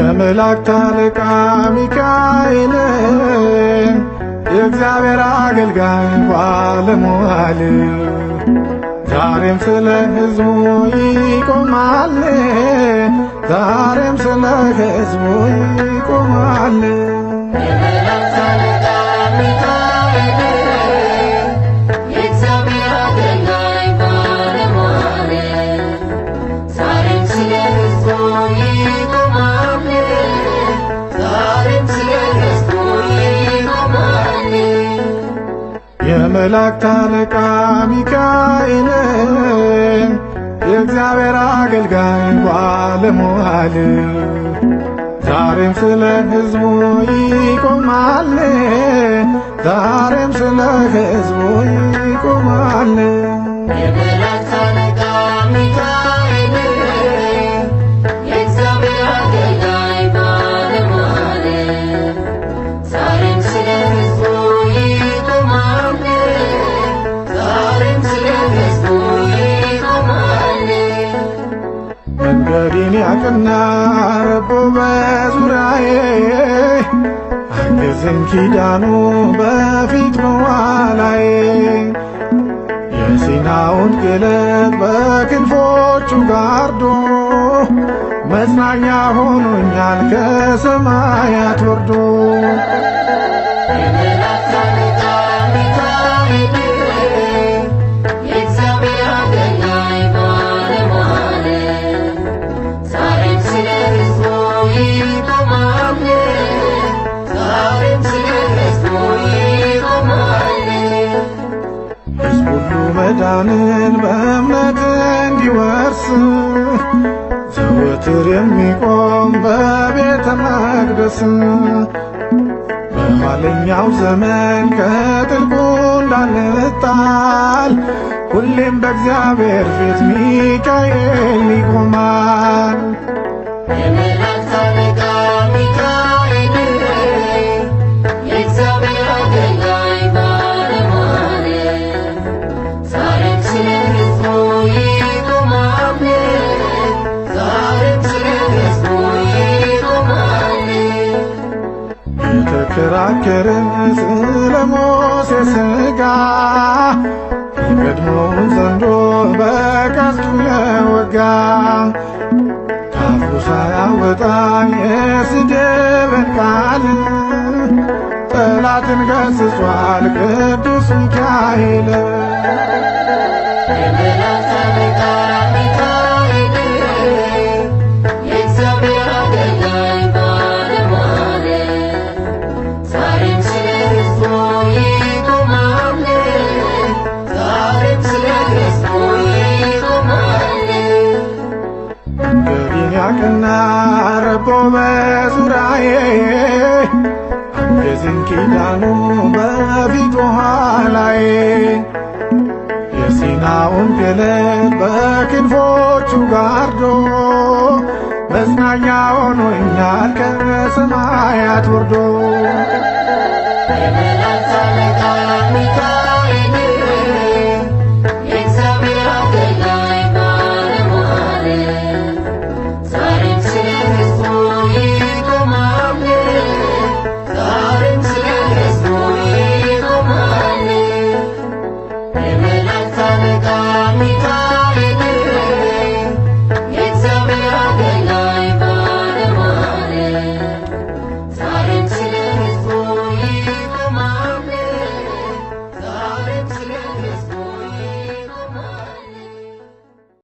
የመላእክት አለቃ ሚካኤል የእግዚአብሔር አገልጋይ ባለሟል ዛሬም ስለ ሕዝቡ ይቆማል፣ ዛሬም ስለ ሕዝቡ ይቆማል። መልአክ አለቃ ሚካኤልን የእግዚአብሔር አገልጋይ ባለሟል ዛሬም ስለ ሕዝቡ ይቆማል ዛሬም ስለ ሕዝቡ ይቆማል ያቅና ረቦ በዙሪያዬ አግዘኝ ኪዳኑ በፊት መዋላዬ የሲናውን ግለት በክንፎቹ ጋርዶ መጽናኛ ሆኖኛል ከሰማያት ወርዶ መዳንን በእምነት እንዲወርስ ዘወትር የሚቆም በቤተ መቅደስ በኋለኛው ዘመን ከጥልቁ እንዳንጣል ሁሌም በእግዚአብሔር ፊት ሚካኤል ይቆማል። የመላእክት አለቃ ሚካኤል አልከራከርም ስለ ሙሴ ሥጋ ዘንዶ በቀስቱ ለወጋ ካፉ ሳያወጣ የስድብን ቃል ጠላትን ገስጿል ቅዱስ ሚካኤል ይስሐቅና ረቦ በዙራዬ የዝን ኪዳኑ በፊት ኋላዬ የሲናውን ገደል በክንፎቹ ጋርዶ መዝናኛ ሆኖኛል ከሰማያት ወርዶ የመላእክት አለቃ ሚካኤል Monica.